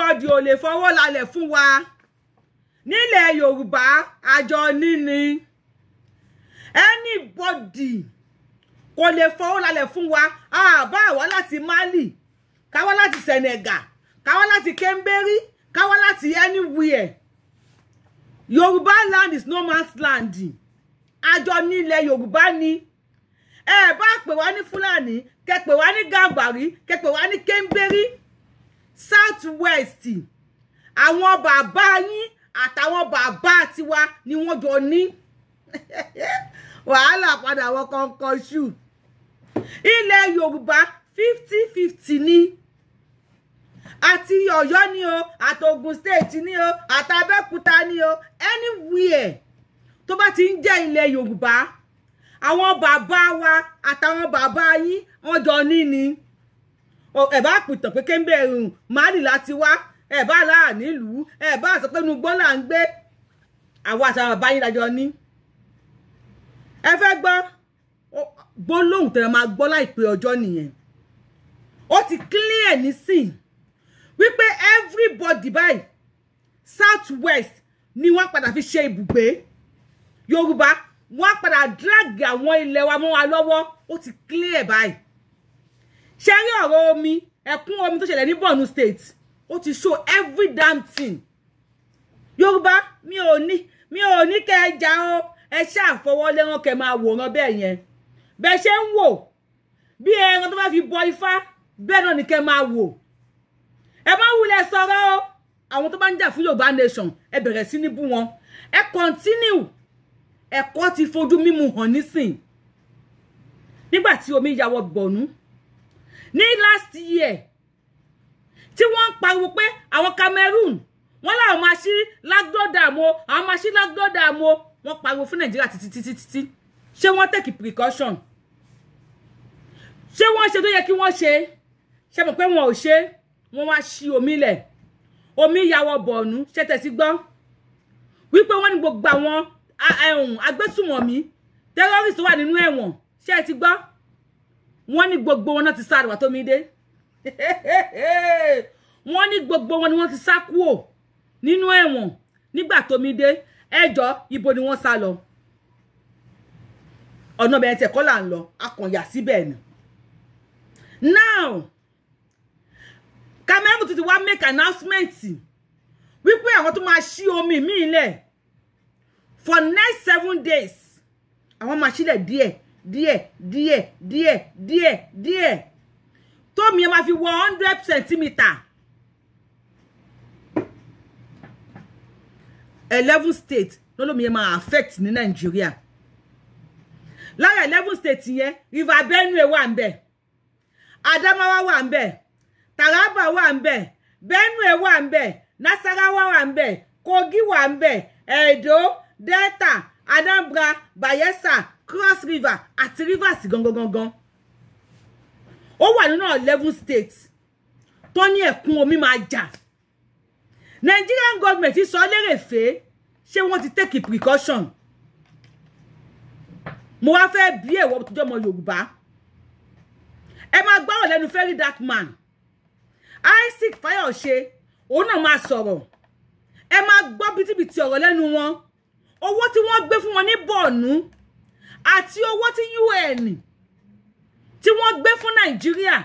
anybody ò lè fọwọ́ lálẹ̀ fún wa nílẹ̀ yorùbá àjọ níní anybody kò lè fọwọ́ lálẹ̀ fún wa àbá àwa láti mali káwá láti senegal káwá láti kembery káwá láti anywhere yorùbá land is no man's land àjọ nílẹ̀ yorùbá ni ẹ bá pè wá ní fúlàní kẹ pè wá ní gàmbàrí kẹ pè wá ní kembery south west àwọn bàbá yín àtàwọn bàbá tiwa ni wọ́n jọ ní wàhálà padà wọ kankan ṣù ilẹ̀ yorùbá fifty fifty ni àti ọ̀yọ́ ni o àtògùn state ni o àtàbẹ́kúta ni o anywhere tó bá ti ń jẹ́ ilẹ̀ yorùbá àwọn bàbá wa àtàwọn bàbá yín wọ́n jọ ní ni. ni ẹ bá pìtàn pé kéńbé ẹrùn mali láti wá ẹ bá láà nílùú ẹ bá sọ pé inú gbọ́n là ń gbé àwọn àtàwọn bàbá yín lájọ ní. ẹ fẹ́ gbọ́ gbólóhùn tẹ̀lé máa gbọ́ láìpẹ́ ọjọ́ nìyẹn ó ti clear nísìn wípé everybody by south west ni wọ́n padà fi ṣe ibùgbé yorùbá wọ́n padà drag àwọn ilẹ̀ wa mọ́ wa lọ́wọ́ ó ti clear báyìí ṣe rí ọ̀rọ̀ omi ẹ̀kún omi tó ṣẹlẹ̀ ní Borno state ó ti show every damn thing Yorùbá mi ò ní mi ò ní kẹ́ ẹ jà o ẹ ṣàfọwọ́lẹ́rán kẹ́ máa wòran bẹ́ẹ̀ yẹn bẹ́ẹ̀ ṣe ń wò bí ẹran tó bá fi bọ ifá bẹ́ẹ̀ náà ni kẹ́ máa wò ẹ má wulẹ̀ sọ̀rọ̀ o àwọn tó bá ń jà fún Yorùbá nation ẹ bẹ̀rẹ̀ sí ní bú wọn ẹ continue ẹ̀kọ́ ti fojú mímu hàn nísìn nígbà tí omi yàwọ̀ bọ̀nú ní last year tí wọ́n ń pariwo pé àwọn Cameroon wọ́n láwọn máa ṣí lágbódà mo àwọn máa ṣí lágbódà mo wọ́n pariwo fún Nàìjíríà títí títí títí ṣé wọ́n take precaution ṣé wọ́n ṣe tó yẹ kí wọ́n ṣe ṣe mọ̀ pé wọn ò ṣe wọ́n wá ṣí omi lẹ̀ omi yàwọ̀ bọ̀ọ̀nù ṣe tẹ̀sí gbọ́ wípé wọ́n ní gbogbo àwọn agbésùmọ̀mí terrorist wà nínú ẹ̀wọ̀n ṣe ti gbọ́ wọ́n ní gbogbo wọn náà ti sáré wà tó mi dé wọ́n ní gbogbo wọn ni wọ́n ti sá kúò nínú ẹ̀wọ̀n nígbà tó mi dé ẹjọ́ ibo ni wọ́n sá lọ ọ̀nà bẹ̀rẹ̀ tẹ̀ kọ́ là ń lọ akànyà síbẹ̀ ni now Cameroon ti ti wá make announcement wípé àwọn tó máa ṣí omi míì for next seven days àwọn máa ṣílẹ̀ díẹ̀ díẹ̀ díẹ̀ díẹ̀ díẹ̀ díẹ̀ tómi ẹ máa fi wọ hundred centimetre eleven state lólómi yẹn máa affect ní nàìjíríà lára eleven state yẹn river benue wà ń bẹ adamawa wà ń bẹ taraba wà ń bẹ benue wà ń bẹ nasarawa wà ń bẹ kogi wà ń bẹ edo delta Anambra Bayelsa Cross River àti Rivers gangan gangan ó wà nínú eleven states tó ní ẹ̀kún omi máa jà Nigerian government sọ lérèfé ṣé wọ́n ti take precaution mo wá fẹ́ bí èwo tó jọmọ Yorùbá ẹ máa gbọ́rọ̀ lẹ́nu very dark man Isaac Fayose òun náà máa sọ̀rọ̀ ẹ máa gbọ́ bitibiti ọ̀rọ̀ lẹ́nu wọn owó tí wọ́n gbé fún wọn ní bọ̀ọ̀nù àti owó tí UN tí wọ́n gbé fún nàìjíríà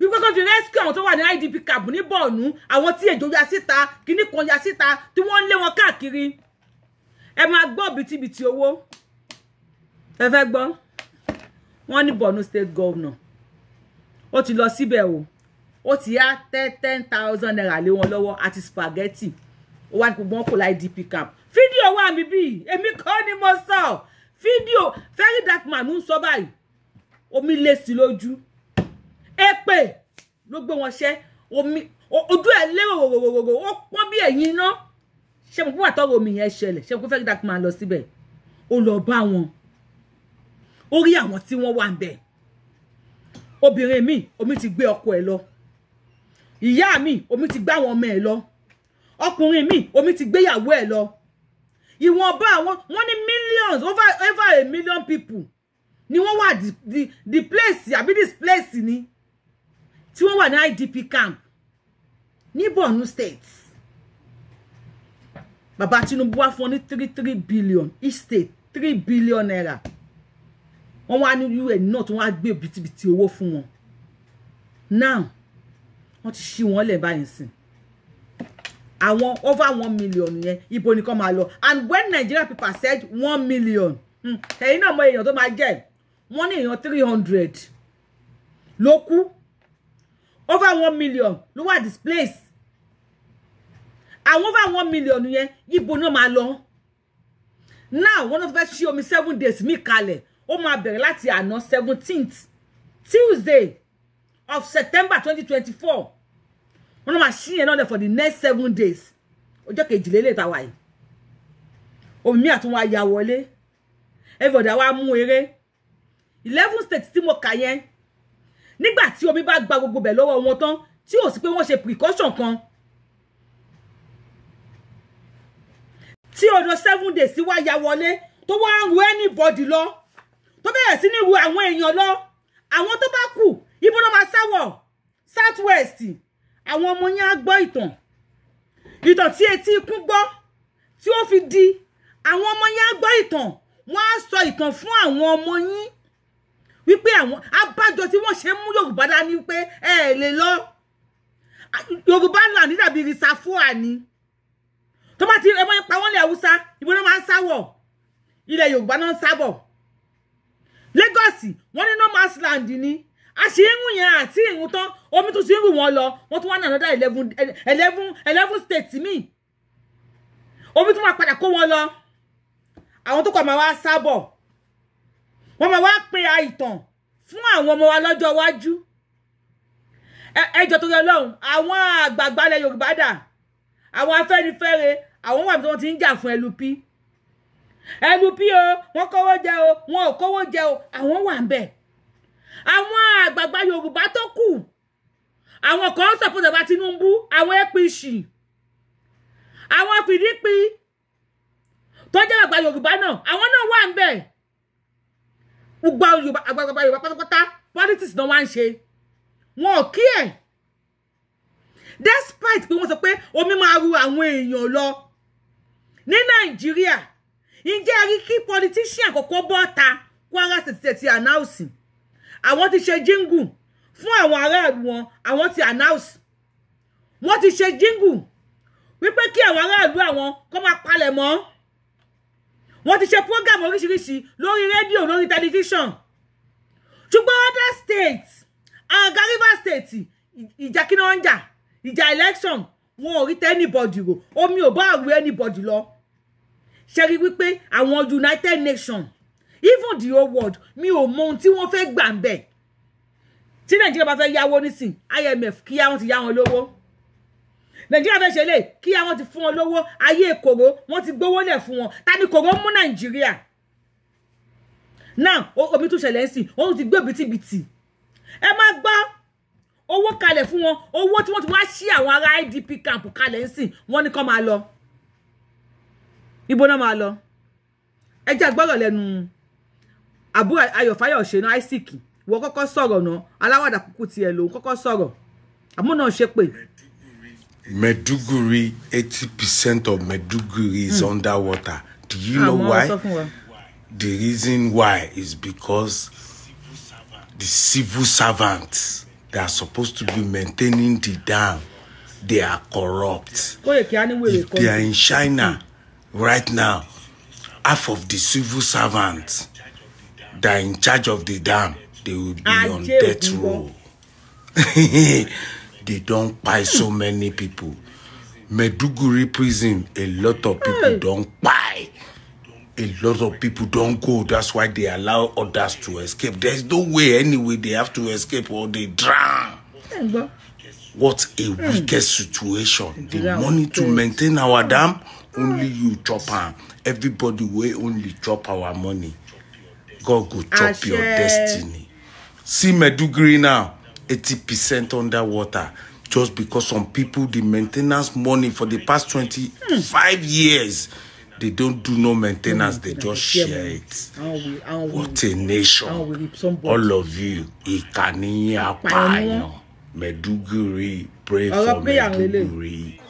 wípé kó fi rescue àwọn tó wà ní IDP camp ní bọ̀ọ̀nù àwọn tí èjò ya síta kíní kan ya síta tí wọ́n ń lé wọn káàkiri ẹ máa gbọ́ bìtìbìtì owó ẹ fẹ́ gbọ́ wọ́n ní Borno state governor ó ti lọ síbẹ̀ o ó ti yá ten thousand naira lé wọn lọ́wọ́ àti spaghetti ó wá ní gbogbo wọn kò láì dp camp fídíò wà mí bíi èmi kọ́ ni mo sọ fídíò very dark man ń sọ báyìí omi lé sí lójú èpè ló gbé wọn ṣẹ́ omi ojú ẹ̀ lé ròròròrò ó pọ́n bí ẹ̀yin iná ṣé mo pọ́n àtọ́rọ̀ omi yẹn ṣẹlẹ̀ ṣé mo pọ́n very dark man lọ síbẹ̀ ó lọ bá wọn ó rí àwọn tí wọ́n wà ń bẹ̀ obìnrin mi omi ti gbé ọkọ ẹ̀ lọ ìyá mi omi ti gbá àwọn ọmọ ẹ̀ lọ ọkùnrin mi omi ti gbéyàwó ẹ̀ lọ ìwọ̀nba àwọn wọ́n ní millions over over a million people ni wọ́n wà the place àbí this place ni tí wọ́n wà ní IDP camp ní Borno state bàbá Tinubu wá fún ọ ní three three billion estate, three billion naira wọ́n wá ní UN náà tí wọ́n á gbé bìtìbìtì owó fún wọn now wọ́n ti ṣí wọn lẹ̀ báyìí sìn àwọn over one million yẹn ibo nìkan máa lọ and when Nigeria people said one million hmm, ẹ̀yin náà mọ èèyàn tó máa jẹ́ wọ́n ní èèyàn three hundred ló kú over one million ló wà displaced àwọn over one million yẹn ibo náà máa lọ now one of the best ṣí omi seven days mí kalẹ̀ ó máa bẹ̀rẹ̀ láti àná seventeenth Tuesday of September twenty twenty four wọ́n lọ́ máa ṣí yẹn náà for the next seven days ọjọ́ kejìlélẹ̀ tàwa yìí omi mi àtúnwá ya wọlé everybody wa mú eré eleven states tí mo kà yẹn nígbà tí omi bá gba gbogbo bẹ̀ lọ́wọ́ wọn tán tí ò sí pé wọ́n ṣe precaution kan tí ọdọ seven days wá ya wọlé tó wá ń ru anybody lọ tó bẹ̀rẹ̀ sí ní ru àwọn èèyàn lọ àwọn tó bá kù ibo máa sáwọ̀ south west àwọn ọmọ yẹn á gbọ́ ìtàn ìtàn tí etí ikú gbọ́ tí ó fi di àwọn ọmọ yẹn á gbọ́ ìtàn wọ́n á sọ ìtàn fún àwọn ọmọ yín wípé àwọn abájọ tí wọ́n ṣe mú yorùbá dání pé ẹ ẹ lè lọ yorùbá ńlá ní dàbí rìsàfúà ni tó bá ti ẹmọ yẹn pa wọ́n lé haúsá ibo náà máa ń sáwọ̀ ilẹ̀ yorùbá náà ń sábọ̀ lagos wọ́n ní no mass land ni a sì ń wù yẹn àti ìhun tán omi tún sì ń wù wọ́n lọ wọ́n tún wá náà lọ́dà eleven eleven eleven states mi. omi tún máa padà kó wọn lọ àwọn tó kọ̀ máa wá sábọ̀ wọ́n máa wá pe àìtàn fún àwọn ọmọ wa lọ́jọ́ iwájú ẹjọ́ tó yẹ lọ́hùn àwọn àgbààgbà ilẹ̀ Yorùbá dà àwọn Afẹ́nifẹ́re àwọn wà tí wọ́n ti ń jà fún LP LP o wọ́n kówó jẹ o wọn ò kówó jẹ o àwọn wà ń bẹ̀ àwọn àgbààgbà yorùbá tó kù àwọn kan support bàbá tinubu àwọn apc àwọn pdp tó jẹ́ àgbà yorùbá náà àwọn náà wà ń bẹ̀ gbogbo àgbààgbà yorùbá pátápátá politics náà wá ń ṣe wọn ò kí ẹ̀ despite pé wọ́n sọ pé omi máa ru àwọn èèyàn lọ ní nàìjíríà ǹjẹ́ a rí kí politician kọ̀ọ̀kan bọ́ ta kwara tètè tètè announcing àwọn ti ṣe jíngù fún àwọn aráàlú wọn àwọn ti announce wọ́n ti ṣe jíngù wípé kí àwọn aráàlú àwọn kó máa palẹ̀ mọ́ wọ́n ti ṣe program oríṣiríṣi lórí rédíò lórí tẹlifíṣàn ṣùgbọ́n other states àgá Rivers state ìjà kí ni wọ́n ń jà ìjà election wọn ò rí tẹ́ anybody rò omi ò bá àwé anybody lọ ṣe rí wípé àwọn United Nations even the whole world mi ò mọ ohun tí wọ́n fẹ́ gbà ń bẹ̀ tí nàìjíríà bá fẹ́ yáwó nísìn imf kí àwọn ti yá wọn lówó nàìjíríà fẹ́ ṣe lè kí àwọn ti fún wọn lówó ayé kòró wọ́n ti gbówó lẹ̀ fún wọn ta ni kòró mú nàìjíríà now omi tún ṣẹlẹ̀ ń sìn òun ti gbé bìtìbìtì ẹ má gbọ́ owó kalẹ̀ fún wọn owó tí wọ́n ti wá sí àwọn ará idp camp kalẹ̀ ń sìn wọ́n ní kó máa lọ ibo náà máa lọ ẹ jẹ́ àgbọ́rọ̀ lẹ́nu àbú ayọ̀ náà isaac wọ́n kọ́kọ́ sọ̀rọ̀ náà aláwàdà kúkú tiẹ̀ lòun kọ́kọ́ sọ̀rọ̀ àmúnà ṣe pé. Maiduguri eighty percent of Meduguri is mm. under water do you know ah, why the reason why is because the civil servants that are supposed to be maintaining the dam they are corrupt if they are in China mm. right now half of the civil servants that in charge of the dam they will be on death row they don't buy so many people Meduguri prison a lot of people don't buy. a lot of people don't go that's why they allow others to escape there's no way anyway they have to escape or they drown what a wicked situation the money to maintain our dam only you chop am everybody wey only chop our money God will chop your destiny. See Meduguri now, 80% underwater. Just because some people, the maintenance money for the past 25 years, they don't do no maintenance, they just share it. What a nation. All of you, Ìkànnì Pano, Meduguri, pray for Meduguri.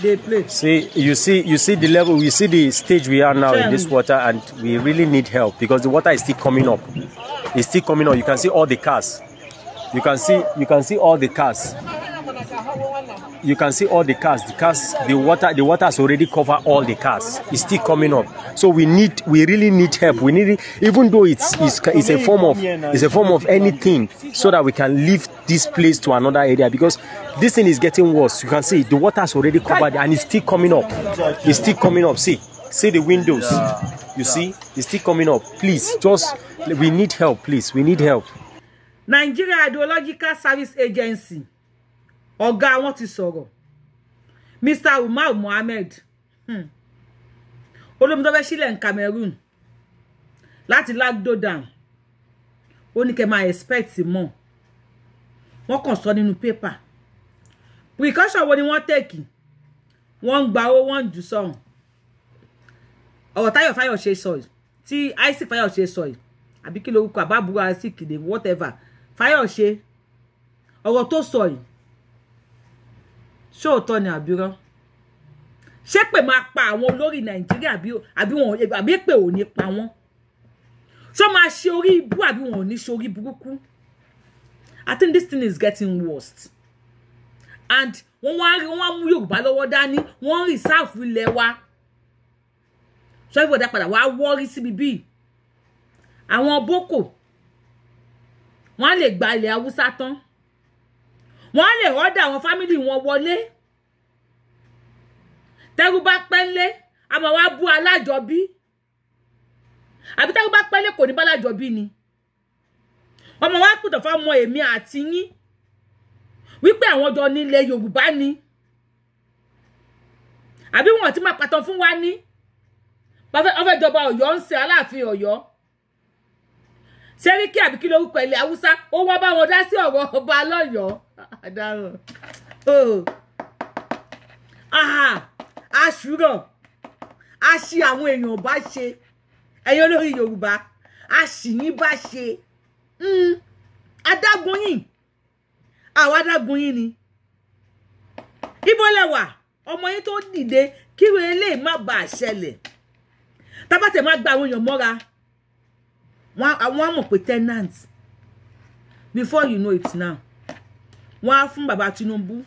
they play. See, you see, you see the level, you see the stage we are now in this water, and we really need help because the water is still coming up. It's still coming up. You can see all the cars. You can see, you can see all the cars. you can see all the cars the cars the water the water has already covered all the cars it's still coming up so we need we really need help we need even though it's it's, it's a form of it's a form of anything so that we can leave this place to another area because this thing is getting worse you can see the water has already covered and it's still coming up it's still coming up see see the windows you see it's still coming up please just we need help please we need help nigeria hydrological service agency ọ̀gá wọn ti sọ̀rọ̀ Mr Umar Mohammed olómi tó fẹ́ sílẹ̀ ní Cameroon láti lagdo down ó ní kẹ́ máa expect mọ́ wọ́n kàn sọ nínú pépà precaution wo ni wọ́n tẹ̀kì wọ́n ń gba owó wọ́n ń jù sọ̀hún ọ̀rọ̀ Táyọ̀ Fáyọ̀ṣe sọ yìí tí Isaac Fáyọ̀ṣe sọ yìí àbí kí lorúkọ àbábúrò Isaac dé whatever Fáyọ̀ṣe ọ̀rọ̀ tó sọ yìí ṣóòótọ́ ni àbírọ́ ṣé pè máa pa àwọn olórí nàìjíríà àbí wọn àbí pè ò ní pa wọn ṣó máa ṣe orí ibú àbí wọn ò ní ṣe orí burúkú i think this thing is getting worst and wọ́n wá wọ́n wá mú yorùbá lọ́wọ́ dání wọ́n ń rìsáàfù ilẹ̀ wa ṣọ́yìnbọ̀dá padà wá wọ́rí síbi bíi àwọn boko wọ́n á lè gba ilẹ̀ haúsá tán wọ́n lè ọ́dà àwọn fámìlì wọn wọlé tẹ́rù bá pẹ́ńlé àmọ́ wá bú alájọbí àbí tẹ́rù bá pẹ́ńlé kò ní bá ni ọmọ wa pìtàn fáwọn èmi àti yín wípé àwọn jọ nílẹ̀ Yorùbá ni àbí wọn ti máa pàtàn fún wa ní wọn fẹ́ jọba Ọ̀yọ́ ń ṣe Aláàfin Ọ̀yọ́ Sẹ́ríkì àbí kí lórúkọ ilẹ̀ Haúsá ó wá bá wọn dá sí ọ̀rọ̀ ọba lọ́yọ̀ọ́ àdáràn ah, àṣùrọ̀ oh. a ṣì àwọn èèyàn bá ṣe ẹ̀yin olórí yorùbá a ṣì yín bá ṣe hmm. adágún yìí àwọn adágún yìí ni ibo lẹ wà ọmọ yín tó dìde kíro eléyìí má bàa ṣẹlẹ̀ tábàtẹ̀ má gba àwọn èèyàn mọ́ra àwọn á mọ̀ pé tenant before you know it now wọ́n á fún bàbá Tinubu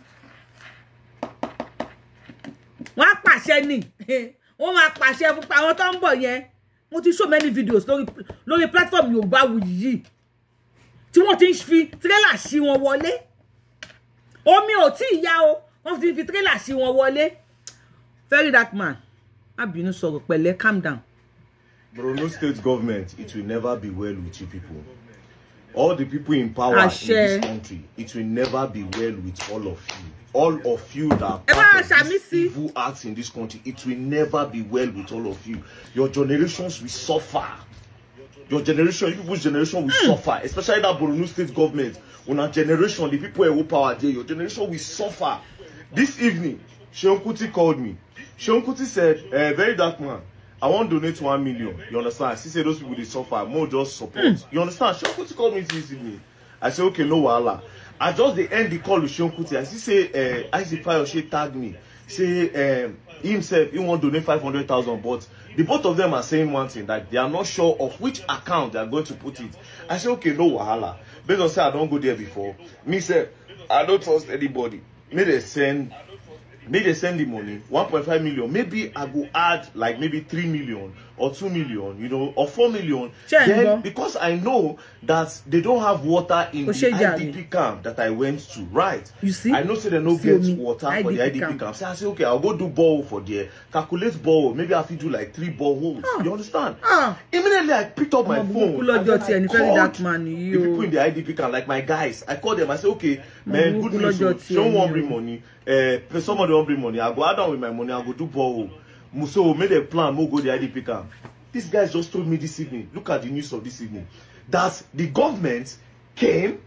wọ́n á pàṣẹ ni wọ́n máa pàṣẹ fún pa àwọn tó ń bọ̀ yẹn mo ti show many videos lórí lórí platform Yorùbáwùyí yìí tí wọ́n ti ń fi tírélà sí wọn wọlé omi ò tí ì yá o wọ́n ti ń fi tírélà sí wọn wọlé very dark man má bínú sọ̀rọ̀ pẹ̀lẹ́ calm down. Borno state government it will never be well with you people all the people in power Ashe. in this country, it will never be well with all of you. All of you that are part of this evil acts in this country, it will never be well with all of you. Your generations will suffer. Your generation, people's generation will mm. suffer, especially that Borno state government. On our generation, the people who power there, your generation will suffer. This evening, Seun Kuti called me. Seun Kuti said, a eh, very dark man, I won't donate one million. You understand? She said those people they suffer. More just support. Mm. You understand? Shonkuti Kuti called me this evening. I said, okay, no wahala. I just the end the call with Seun Kuti. I see say uh eh, Isaac Fayose tagged me. Say um eh, himself he won't donate five hundred thousand, but the both of them are saying one thing that they are not sure of which account they are going to put it. I say okay, no wahala. Based on say I don't go there before. Me say I don't trust anybody. Me they send make dem send the money one point five million maybe i go add like maybe three million or two million you know or four million then because i know that they don't have water in the idp camp that i went to right you see i know say they no get water IDP for the idp camp, camp. so i say okay I'll go do borehole for there calculate borehole maybe i fit do like three boreholes ah. you understand ah. immediately i picked up my oh, phone and then i called man, the people in the idp camp like my guys i called them i say okay man good news o shey wan bring money uh, eh, some of the don bring money i go add am with my money i go do borehole so made a plan mo go the IDP camp. This guy just told me this evening look at the news of this evening that the government came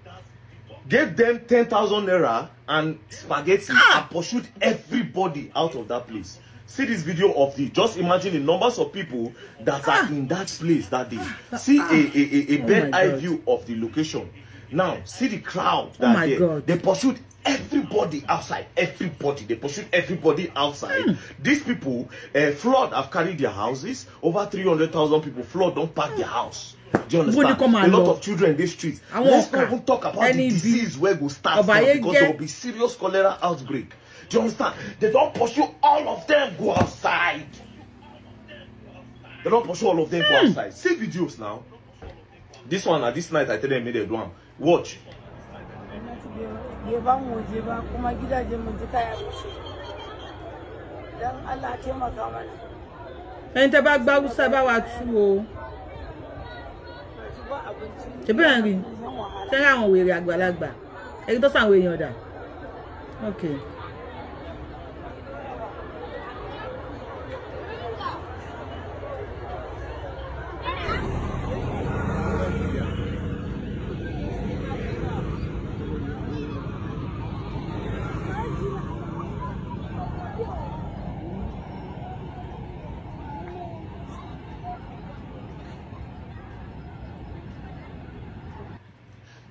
gave them ten thousand naira and spaghetti ah. and pursued everybody out of that place see this video of the just imagine the numbers of people that are ah! in that place that day see ah! a a a, a oh bird eye view of the location now see the crowd oh that oh day God. they pursued everybody outside everybody they pursue everybody outside mm. these people uh, flood have carried their houses over three hundred thousand people flood don pack mm. their house do you understand a lot of children dey street let's not even talk about the disease wey go start now because there will be serious cholera outbreak do you understand they don pursue all of them go outside they don pursue all of them mm. go hmm. outside see videos now this one na uh, this night i tell them make they do am watch bai ba mu waje ba kuma gidajen mu duka ya rushe don allah taimaka mana ẹni tẹ bá gbá hausa bá wa tú o ṣebí ẹ̀ ń rí sẹ́yìn àwọn wèrè àgbàlagbà ẹ̀rí tó sàn àwọn èèyàn dà okay.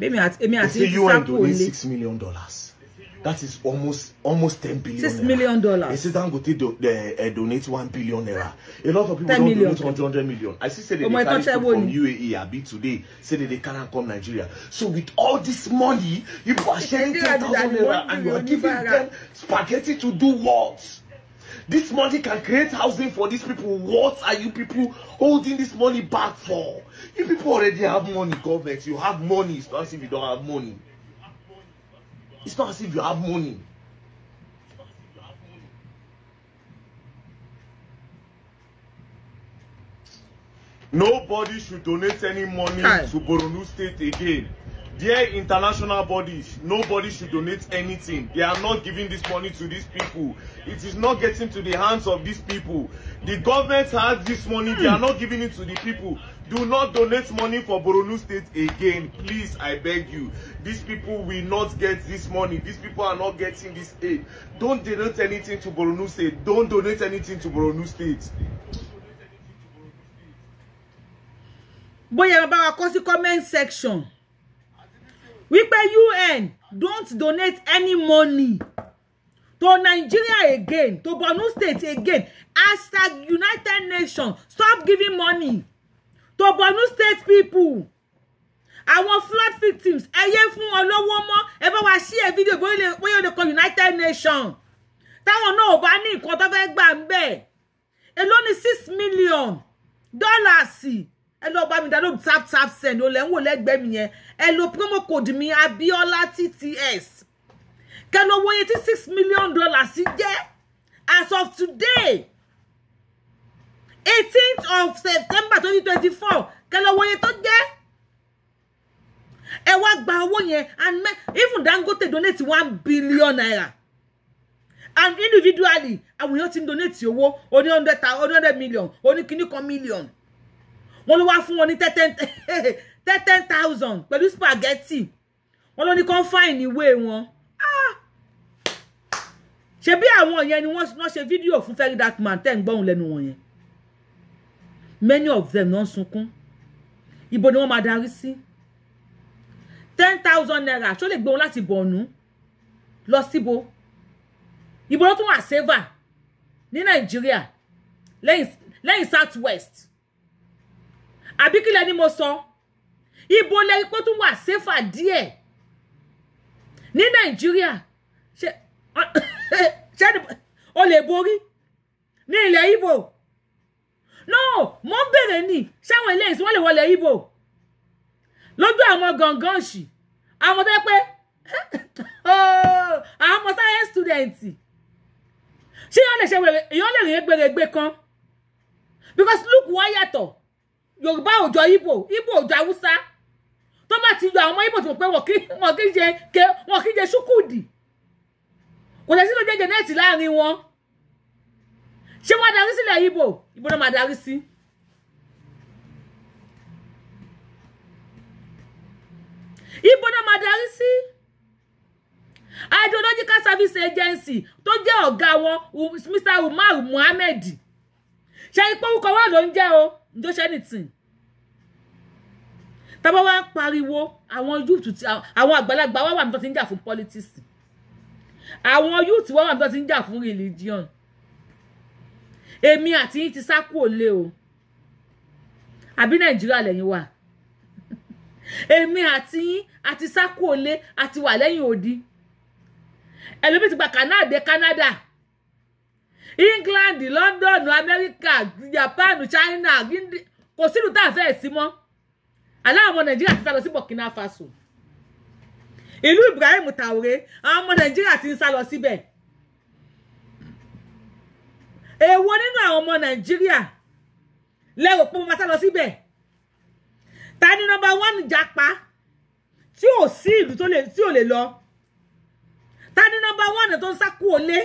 bẹ́ẹ̀mi àti èmi àti ìsàkó lè. six million dollars that is almost almost ten billion naira six million dollars. esi dangote do, de, uh, eh, donate one billion naira a lot of people don donate hundred hundred million i see say they dey carry people from uae abi today say they dey carry am come nigeria so with all this money you go share ten thousand naira and you are giving them spaghetti to do what. This money can create housing for these people. What are you people holding this money back for? You people already have money, government. You have money. It's not as if you don't have money. It's not as if you have money. Nobody should donate any money Hi. to Boronu State again. Dear international bodies, nobody should donate anything. They are not giving this money to these people. It is not getting to the hands of these people. The government has this money. They are not giving it to the people. Do not donate money for Borno State again. Please, I beg you. These people will not get this money. These people are not getting this aid. Don't donate anything to Borno State. Don't donate anything to Borno State. Bóyá about wa kọ sí comment section wípé UN don't donate any money to Nigeria again to Borno State again hashtag United Nations stop giving money to Borno State people àwọn flood victims ẹ yé fún olówó mọ́ ẹ bá wa ṣí ẹ fídíò bóyá o lè kọ United Nations táwọn náà ò bá ní nǹkan tó fẹ́ gbà ń bẹ̀ èló ni six million dollars. Si ẹ lọ bá mi download tap tap send olè ń wò lẹ́gbẹ̀ẹ́ mi yẹn ẹ lo promo code mi abiola tts kẹlọ wọnyẹ tí six million dollars sí as of today eighteenth of september twenty twenty four kẹlọ wọnyẹ tó jẹ́ ẹ wá gba owó yẹn and me even dangote donate one billion naira and individually àwọn èèyàn ti ń donate owó oní hundred million oní kìíní kan million wọ́n ló wá fún wọn ní ten thousand pẹ̀lú spaghetti wọ́n ló ní kán fáìn ìwé wọn ah! ṣe bí àwọn yẹn ni no ṣe fídíò fún Ferry that man tẹ́ ń gbọ́hùn lẹ́nu wọn yẹn many of them náà sunkún ibo ni wọ́n máa darí sí ten thousand naira So lè gbé wọn láti bọ̀ọ̀nù lọ síbo ibo ló tún wà sẹ́fà ní nàìjíríà lẹ́yìn south west àbí kí lẹni mo sọ ibo lẹni pé tún wà séfà díẹ̀ ní nàìjíríà ṣe ṣe o lè borí ní ilẹ̀ ibo no mo ń bèrè ni ṣáwọn ilé ìsìn wọn lè wọlé ibo lójú àwọn gangan ṣì àwọn tó yẹ pé oh, àwọn ọmọ sáyẹn stúdẹ̀ǹtì ṣé èèyàn lè ṣe èèyàn lè rìn gbèrègbè kan because look wọ́n yàtọ̀ yorùbá ò jọ ibo ibo ò jọ haúsá tó má ti yọ àwọn ọmọ ibo tí mo pé wọn kì í jẹ ké wọn kì í jẹ ṣúkùdì kò lè sí ló jẹjẹ nẹẹtì láàrin wọn ṣé wọn darí sílẹ̀ ibo ibo náà máa darí sí. ibo náà máa darí sí. Hydrological Service Agency tó jẹ́ ọ̀gá wọn Mr. Umar Muhammed ṣe ipò orúkọ wọn ló ń jẹ́ o don't say anything tábà wá ń pariwo àwọn youth ti àwọn àgbàlagbà wá wa. nígbà tí ń jà fún politics àwọn youth wá wà nígbà tí ń jà fún religion èmi àti yín ti sá kúrò lé o àbí nàìjíríà lẹ́yìn wà èmi àti ati àti sá kúrò lé àti wà lẹ́yìn odi ẹlòmíì ti gba Canada Canada. Canada England London America Japan China kò sínú tá a fẹ́ sí mọ́ aláwọ̀ ọmọ Nàìjíríà ti sá lọ sí Burkina Faso ìlú Ibrahim Traoré àwọn ọmọ Nàìjíríà ti ń sá lọ síbẹ̀ èwo nínú àwọn ọmọ Nàìjíríà lẹ́rò pé mo máa sá lọ síbẹ̀ ta ni nọ́mbà one japa tí ò sí ìlú tí ò lè lọ ta ni nọ́mbà one tó ń sá kú olé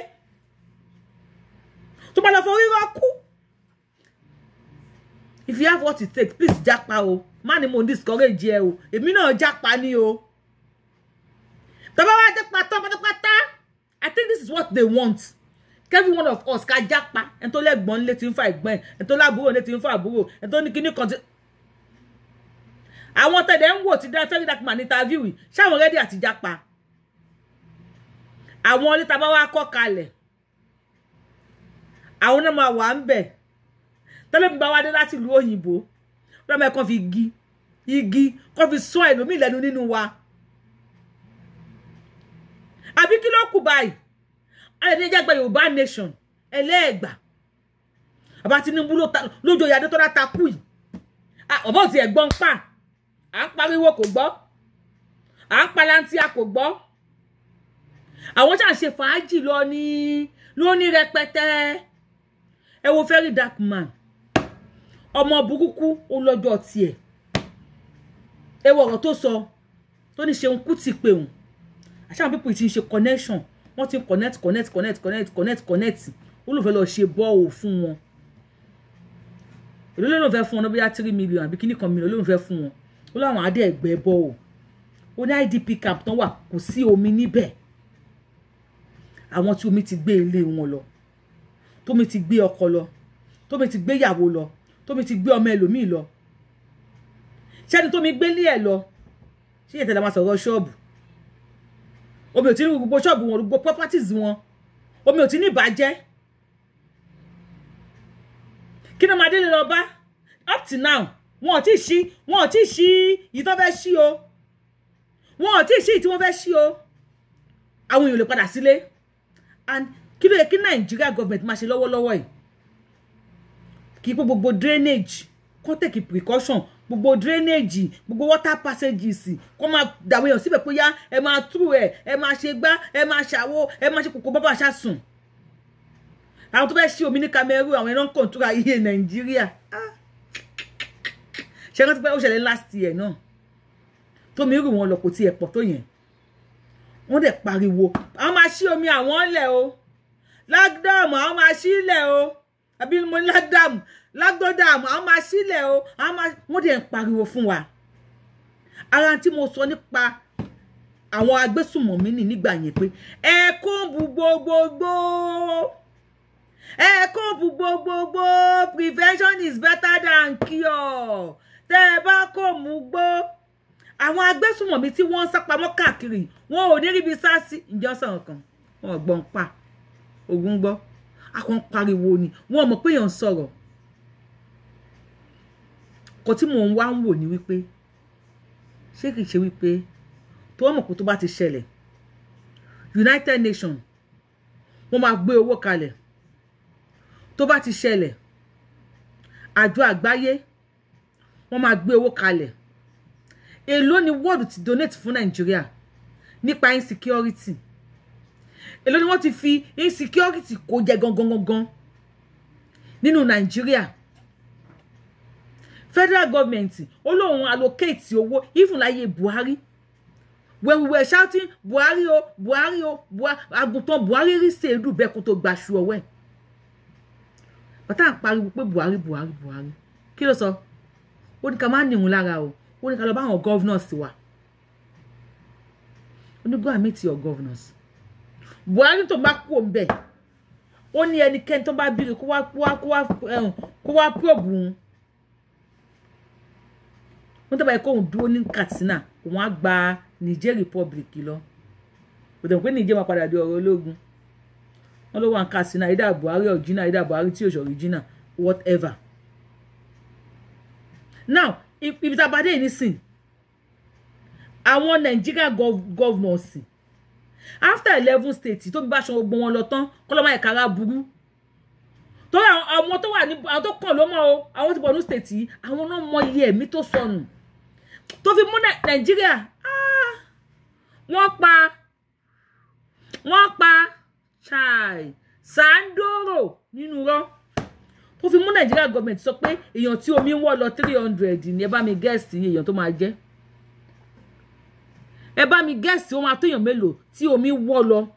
tó bá lọ fọ rírọ kú if you have what it takes please japa o má ni mo discourage ẹ o èmi náà japa ni o tọ́ba wá jẹ́ pátá pátápátá i think this is what they want every one of us ká japa ẹni to lẹ́gbọ́n létí ń fa ẹ̀gbọ́n ẹ̀ ẹni tó lábúrò létí ń fa àbúrò ẹni tó ní kíní kan ti. àwọn tẹ̀lé ń wò ti dá fẹ́rí dàkùmá ní interview She already at àti japa I want it about bá wá kọ́ àwọn náà máa wà ń bẹ̀ tẹ́lẹ̀mí bá wá dé láti ìlú òyìnbó lọ́mọ ẹ̀ kan fi igi igi kan fi sún ẹlòmíì lẹ́nu nínú wa àbí kí ló kù báyìí ayọ̀dẹ́jàgbà yorùbá nation ẹlẹ́ẹ̀gbà bàbá tinubu lójó ìyàdó tó dáta kù yìí ọ̀bọ̀ ti ẹ̀ gbọ́ ń pa à ń pariwo kò gbọ́ à ń palantia kò gbọ́ àwọn ṣàǹṣe fàájì lọ ní ló rẹpẹtẹ ẹ wo very dark man ọmọ burúkú ó lọ́jọ́ tiẹ̀ ẹ wo ọ̀rọ̀ tó sọ tó ní ṣeun kú ti pè òun àṣàwọn pípọ̀ ti ń ṣe connection wọ́n ti ń connect connect connect connect connect connect olùfẹ́ lọ ṣe bọ́ọ̀ fún wọn èló no ló fẹ́ fún wọn bóyá three million àbí kíní kan million ló ló fẹ́ fún wọn ó láwọn adé ẹgbẹ́ bọ́ọ̀ ó ní IDP camp tán wà kò sí omi níbẹ̀ àwọn tí omi ti gbé ilé wọn lọ tómi ti gbé ọkọ lọ tómi ti gbé ìyàwó lọ tómi ti gbé ọmọ ẹlòmíì lọ ṣẹ́ni tómi gbé lé ẹ̀ lọ ṣé ìyẹn tẹ̀lé máa sọ̀rọ̀ ṣọ́ọ̀bù omi ò ti ní gbogbo ṣọ́ọ̀bù wọn gbogbo properties wọn omi ò ti ní ìbàjẹ́ kí ni ọmọdé lè lọ bá up to now wọn ò tí ì ṣí wọn ò tí ì ṣí yìí tó fẹ́ ṣí o wọn ò tí ì ṣí yìí tí wọ́n fẹ́ ṣí o àwọn èèyàn lè padà sílé and kí ló yẹ kí nàìjíríà gọọmenti máa ṣe lọ́wọ́lọ́wọ́ yìí kí pé gbogbo drainage kó tẹ̀kì precaution gbogbo drainage gbogbo water passages kó máa dàwọn èèyàn síbẹ̀ pé yá ẹ máa tú ẹ ẹ máa ṣe gbá ẹ máa ṣàwo ẹ máa ṣe kòkó bábà ṣàsùn àwọn tó fẹ́ ṣe omi ní Cameroon àwọn ẹran kọ̀ǹtúra iye nàìjíríà ah. ṣe rántí pé ó ṣẹlẹ̀ last year náà tómi rù wọn lọ kò tiẹ̀ pọ̀ tó yẹn wọ́n dẹ̀ pariwo àwọn máa ṣí omi àwọn lẹ̀ o ládàmù àwọn máa sílẹ̀ o àbí mo ní ládàmù lágbọ́dàmù àwọn máa sílẹ̀ o àwọn máa wọ́n dẹ̀ ń pariwo fún wa ara tí mo sọ nípa àwọn agbésùmọ̀mí nì nígbà yẹn pé ẹ kó bu gbogbogbò ẹ kó bu gbogbogbò prevention is better than cure tẹ́ ẹ bá kó mú gbó àwọn agbésùmọ̀mí tí wọ́n ń sá pamọ́ káàkiri wọn ò ní ríbi sá sí ìjọsìn ọ̀kan wọn ò gbọ́n pa ogun gbọ́ akọ́n pariwo ni wọ́n mọ̀ pé èèyàn ń sọ̀rọ̀ kò tí mò ń wá ń wò ní wípé ṣé kìí ṣe wípé tó wọ́n mọ̀ pé tó bá ti ṣẹlẹ̀ United Nations wọ́n máa gbé owó kalẹ̀ tó bá ti ṣẹlẹ̀ àjọ àgbáyé wọ́n máa gbé owó kalẹ̀ èló ni world ti donate fún Nàìjíríà nípa insecurity èló ni wọ́n ti fi insecurity kó jẹ gangan gangan nínú nàìjíríà federal government ó lóun allocate owó even láyé buhari when we were shouting buhari o buhari o àgùntàn buhari rí sèédú bẹ́ẹ̀ kó tó gbaṣu ọwọ́ ẹ̀ bàtà ń pariwo pé buhari buhari buhari kí ló sọ ó ní ká má nìhun lára o ó ní ká lọ bá àwọn governors wa ó ní go and meet your governors buhari tó bá kú òun bẹ̀ ó ní ẹnikẹ́ni tó bá bírí kó wá kó wá kó wá kó wá probe òun wọ́n tẹ́bàá kóun dúró ní katsina òun á gba niger republic lọ kò tẹ̀ pé niger máa padà di ọ̀rọ̀ ológun wọ́n ló wà ní katsina ìdá buhari ọ̀jìnà ìdá buhari tí òṣòro jìnà whatever now ibi tá a bá dé yìí nísìn àwọn nàìjíríà gọ́ọ̀nọ̀sì. Gov after eleven states tóbi bá ṣan gbogbo wọn lọ tán kọ́lọ́mọ ẹ̀ka ara burú tó àwọn tó wà ní àwọn tó kàn ló mọ o àwọn ti bọ̀nú state yìí àwọn náà mọ iye ẹ̀mí tó sọnù tó fi mú nàìjíríà ah, wọ́n pa wọ́n pa chai sandoro nínú rọ́ tó fi mú nàìjíríà gọọmenti sọ pé èèyàn tí omi ń wọ́ lọ three hundred ní ẹ bá mi gẹ́ẹ̀sì èèyàn tó máa jẹ́ ẹ bá mi guess ó máa tó èèyàn mélòó tí omi wọ́ lọ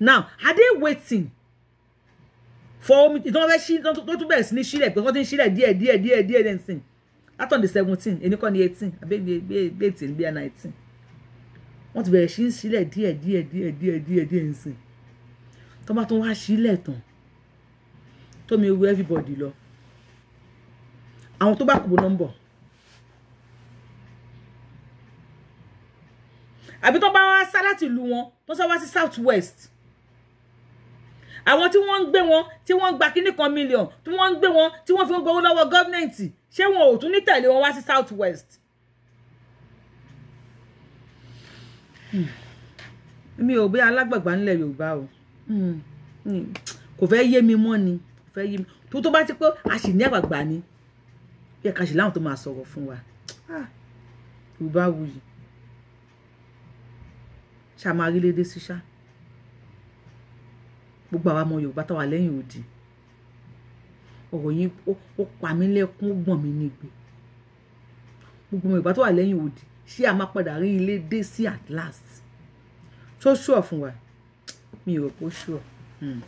now are they waiting for omi ìtàn fẹ́ ṣí tó tún bẹ̀rẹ̀ sí ní ṣílẹ̀ pé wọ́n ti ń ṣílẹ̀ díẹ̀ díẹ̀ díẹ̀ díẹ̀ díẹ̀ nísìn látọ̀ ní seventeen any kọ́ ní eighteen àbí be bí be nineteen wọ́n ti bẹ̀rẹ̀ sí ní ṣílẹ̀ díẹ̀ díẹ̀ díẹ̀ díẹ̀ díẹ̀ díẹ̀ nísìn tó bá tún wá ṣílẹ̀ tán tómi ewu everybody lọ àwọn tó bá kù bó nọ́mbọ̀ àbí tó bá wá sá láti ìlú wọn tó sá wá sí south west àwọn tí wọ́n ń gbé wọn tí wọ́n ń gba kíní kan mílíọ̀n tí wọ́n ń gbé wọn tí wọ́n fi ń gbowó lọ́wọ́ gọ́ọ̀mẹ̀ntì ṣé wọn ò tún ní tẹ̀lé wọn wá sí south west. Hmm. mi ò bí alágbàgbà ńlẹ̀ yorùbá o hmm. Hmm. kò fẹ́ yé mi mọ́ ni kò fẹ́ yé mi tó tó bá ti pé a sì ní àgbàgbà ni bí ẹ̀ka sì láwọn tó máa sọ̀rọ̀ fún wa ah. yorùbá wuyì ṣàmárílédé sí ṣá gbogbo àwa ọmọ Yorùbá táwa lẹ́yìn odi ọ̀rọ̀ yìí ó pa mí lẹ́kún ó gbọ̀n mí nígbè gbogbo ọmọ Yorùbá táwa lẹ́yìn odi ṣé a máa padà rí ilé sí at last tó ṣùọ̀ fún wa mi ò rò pé ó ṣùọ̀ hmm.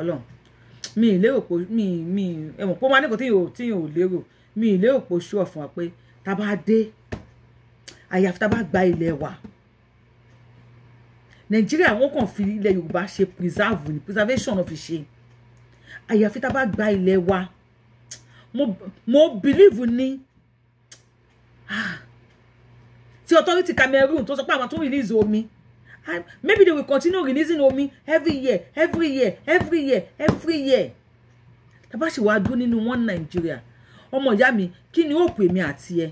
Ọlọ́run mi ì lérò pé mi mi ẹ̀wọ̀n pé ó máa ní kò tí yìí ò lérò mi ì lérò pé ó ṣùọ̀ fún wa pé tá a bá dé àyàfi tá a bá gba ilẹ̀ wa. Nigeria wọ́n kàn fi ilẹ̀ yorùbá ṣe preserve ni preservation náà fi ṣe àyàfi tá a bá gba ilẹ̀ wa mo mo believe ni ah. ti authority cameroon tó sọ pé àwọn tó release omi maybe they will continue releasing omi every year every year every year every year tá a bá ṣe wàá dún nínú one nàìjíríà ọmọ ìyá mi kí ni ó pè mí àti ẹ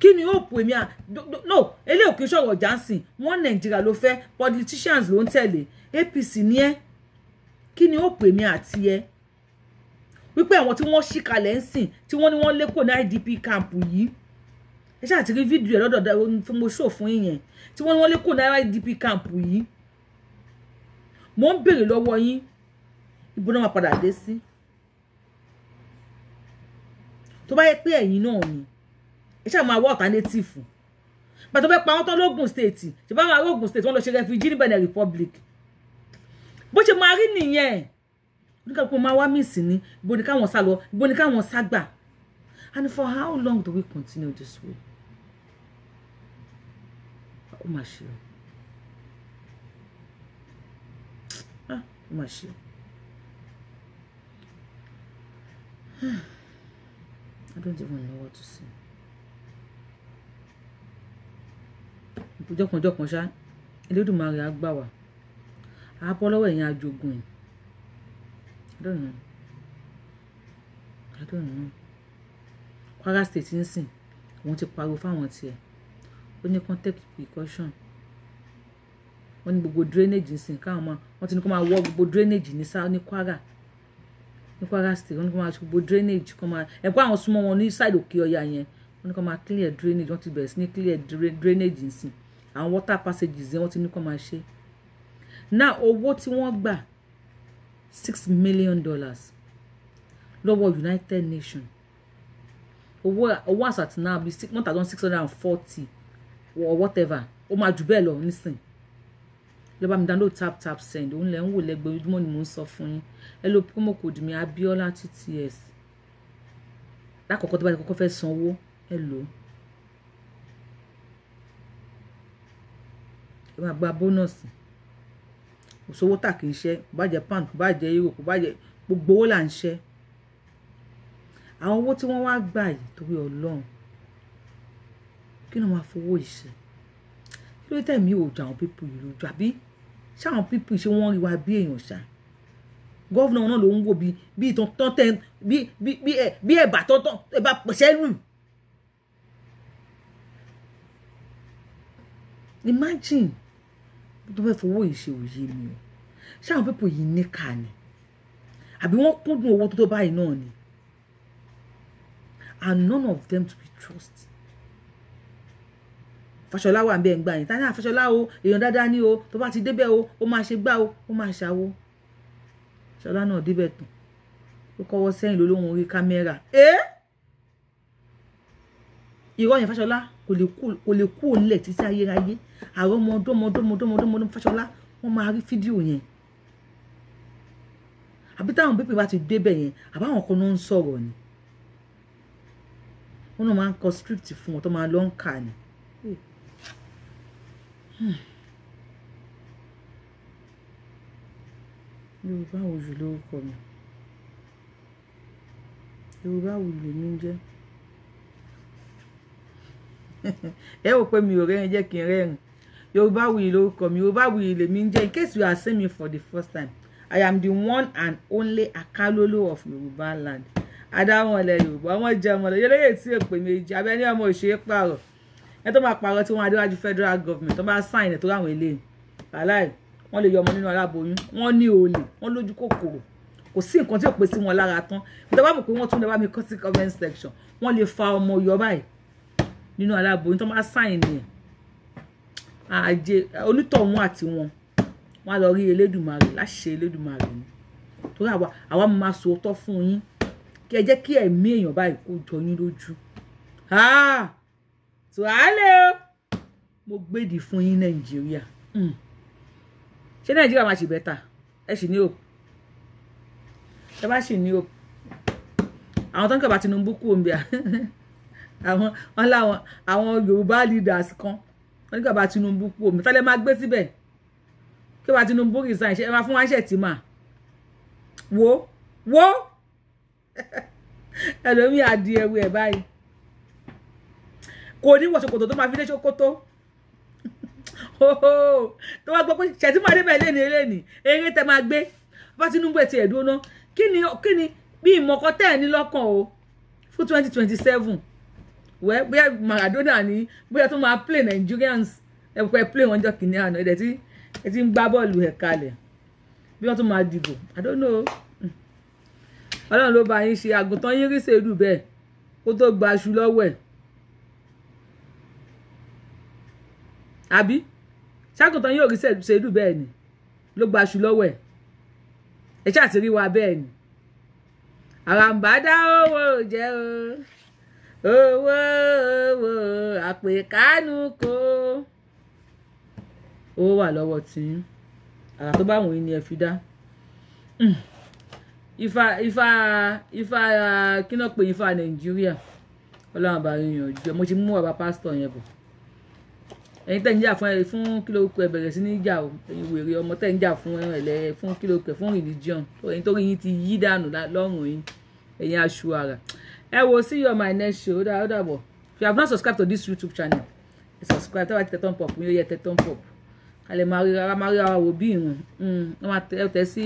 kí ni hope èmi à no eléyìí kì í sọ̀rọ̀ jansen wọ́n nàìjíríà ló fẹ́ politicians ló ń tẹ̀lé apc ni ẹ́ kí ni hope èmi àti ẹ́ wípé àwọn tí wọ́n ṣì kalẹ̀ ń sìn tí wọ́n ní wọ́n lé kò ní idp camp yìí ẹ ṣáà ti rí fídíò ẹ lọ́dọ̀ fún mo ṣò fún yìnyẹn tí wọ́n ní wọ́n lé kò ní idp camp yìí mo ń béèrè lọ́wọ́ yín ibo náà máa padà dé sí tó bá yẹ pé ẹ̀yin náà ni ẹ ṣáà máa alternative bàtọ́ fẹ́ pa wọ́n tán lógùn state ṣe bá wọn ará state wọ́n lọ ṣe refugee ní Benin Republic bó ṣe máa rí nìyẹn oníkàlùkù máa wá mí sí ni ni káwọn sá lọ ibo ni káwọn sá gbà and for how long do we continue this way ó mà ṣe o ah ó mà ṣe I don't even know what to say. jọkànjọkàn ṣá Elédùmarè á gbà wá á bọ́ lọ́wọ́ ajogun ẹ̀ I don't know I don't know Kwara State ń sìn òun ti pariwo fáwọn tiẹ̀ ó ní kán precaution wọ́n ní gbogbo drainage nsìn káwọn máa wọ́n ti ní kó máa wọ́ gbogbo drainage ní sáà ní Kwara ní Kwara state wọ́n ní kó máa gbogbo drainage kó máa ẹ̀kọ́ àwọn súnmọ́ wọn ní side òkè ọya yẹn wọ́n ní kó máa clear drainage wọ́n ti bẹ̀rẹ̀ sí ní clear drainage nsìn àwọn water passages yẹn wọ́n ti ní kó máa ṣe now owó tí wọ́n gbà six million dollars lọ́wọ́ United Nations owó owó àsàtìná bíi one thousand six hundred and forty or whatever ó máa jù bẹ́ẹ̀ lọ nísìn ló bá mi download tap tap send òun lẹ̀ ń wò lẹ́gbẹ̀ẹ́ ojúmọ́ ni mò ń sọ fún yín ẹ lo promo code mi Abiola tts lákọ̀ọ́kọ́ tó bá ti kọ́kọ́ fẹ́ sanwó ẹ lò ẹ máa gba bónọ́ọ̀sì kò sówó tà kì í ṣẹ́ kò bá jẹ́ pound kò bá jẹ́ euro kò bá jẹ́ gbogbo owó là ń ṣẹ́ àwọn owó tí wọ́n wá gbà yìí torí ọlọ́run kí ni wọ́n máa fowó yìí ṣe kí ló tẹ̀mí òòjà àwọn pípù yìí lójú àbí ṣáwọn pípù ṣé wọ́n rí wa bí èèyàn ṣáà gọ́vnà náà ló ń wò bí bí ìtàn tán tẹ bí bí bí ẹ bí ẹ̀bà tán tán ẹ̀bà pẹ̀sẹ̀ lù. imagine tó fẹ́ fowó yìí ṣe òye mi o ṣé àwọn pípọ̀ yìí níkà ni àbí wọ́n kúndùn owó tó tó báyìí náà ni and none of them to be trusted Fàṣọlá wà ń bẹ́ẹ̀ ń gbà yín tani àfàṣọlá ah, o èèyàn dáadáa ní o tó bá ti débẹ̀ o ó máa ṣe gbá o ó máa ṣàwo Ṣọlá náà débẹ̀ tán ó kọ́wọ́ sẹ́yìn lólóhùn orí kámẹ́rà ẹ́ ìrọ́ Fàṣọlá kò lè kú òlẹ̀ títí ayérayé àwọn ọmọ ọdọ́mọdọ́mọdọ́mọdọ́mọ Fáṣọlá wọ́n máa rí fídíò yẹn àbí táwọn pépè bá ti débẹ̀ yẹn àbáwọn kan ló ń sọ̀rọ̀ ni wọ́n náà máa ń kọ script fún wọn tó máa lọ ń kà ni. Hmm. Yorùbá òjò lórúkọ mi Yorùbá òjò lèmi ń jẹ́. ẹ ò pé mi ò rẹ́rìn jẹ́ kí n rẹ́rìn Yorùbáwùyí lórúkọ mi Yorùbáwùyí lèmi ń jẹ́ in case you are seeing me for the first time I am the one and only Akalolo of Yorùbá land adáwọlẹ Yorùbá wọn jẹ ọmọlẹ yẹlẹyẹ tí èpè méjì abẹni ọmọ òṣèré pààrọ̀ ẹ tó máa pààrọ̀ tí wọn adéwájú federal government tó bá sáìn ẹ tó ráwọn eléyìí aláì wọn lè yọ ọmọ nínú aláboyún wọn ní olè wọn lójú kòkòrò kò sí nǹkan tí ò pè wọn lára tán ìjọba mọ̀ pé wọ́n tún lè bá mi kọ́ sí comment section wọ́n lè fa ọmọ yọ báyìí nínú aláboyún tó máa sáyìn nìyẹn àjẹ onítọ̀hún àti wọn wọn á lọ rí elédùnmarè láṣẹ elédùnmarè ni torí àwa àwa máa sọ òótọ́ fún yín kí ẹ jẹ́ kí ẹ̀mí èèyàn báyìí kó jọ yín lójú tùhálẹ̀ o mo gbèdì fún yín nàìjíríà hmm. ṣé nàìjíríà máa ṣe bẹ́tà ẹ sì ní o ẹ bá sì ní o àwọn tó ń kọ̀ bá Tinubu kú omi à. àwọn wọn láwọn àwọn yorùbá leaders kan wọn ní bàbá tinubu kú omi tálẹ́ máa gbé síbẹ̀ kí bàbá tinubu resign ṣe máa fún wa ṣẹ̀ tí mà wo wo ẹlòmíì adi ẹwu ẹ báyìí kò ní wọ ṣòkòtò tó máa fi dé ṣòkòtò tó wá gbọ́ pé ṣètì máa débẹ̀ lẹ́ni lẹ́ni eré tẹ máa gbé bá tinubu ẹ̀ ti ẹ̀ dúró ná kí ni kí ni bí ìmọ̀kọ́ tẹ̀ ní lọ́kàn o fún twenty twenty seven wẹ́ bóyá Maradona ni bóyá tó máa play Nigerians ẹ̀kọ́ ẹ̀ play wọn jọ kìíní àná ẹ̀ tí ẹ̀ ti ń gbá bọ́ọ̀lù ẹ̀ kalẹ̀ bí wọ́n tó máa dìbò I don't know ọlọ́run ló bá yín ṣe àgùntàn yín rí ṣèlú bẹ́ẹ̀ kó tó gba aṣù lọ́wọ́ ẹ̀ àbí ṣàgùntàn yín ò rí ṣèlú bẹ́ẹ̀ ni ló gba aṣù lọ́wọ́ ẹ̀ ẹ̀ ṣàtìrí wa bẹ́ẹ̀ ni àràǹbá dá owó jẹ́ o owó owó àpè kánú kó ó wà lọ́wọ́ tí àrà tó bá wọ̀n yín ni ẹ fi dá hmm. ifá ifá ifá kíná pé ifá nàìjíríà ọlọ́run àbá yín ọjọ́ mo ti mú bàbá pásítọ̀ yẹn bọ̀ ẹ̀yin tẹ̀ ń jà fún ẹ fún kílókù ẹ bẹ̀rẹ̀ sí ní jà o ẹ̀yin wèrè ọmọ tẹ̀ ń jà fún ẹlẹ́ fún kílókù ẹ fún religion ẹ̀yin tó rí yín ti yí dànù lọ́rùn yín ẹ̀yin aṣọ ara ẹ wo see you on my next show ó dáa ó if you have not subscribed to this youtube channel subscribe Tell àti tẹ́tọ́ pop yóò yẹ tẹ́tọ́ pop alẹ́ máa rí ara máa rí ara wò bí ìrùn mm, ẹ máa tẹ sí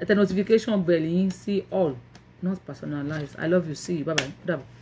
ẹ tẹ notification bell yín sí all not personalized i love you see you bye bye ó dáa bọ̀.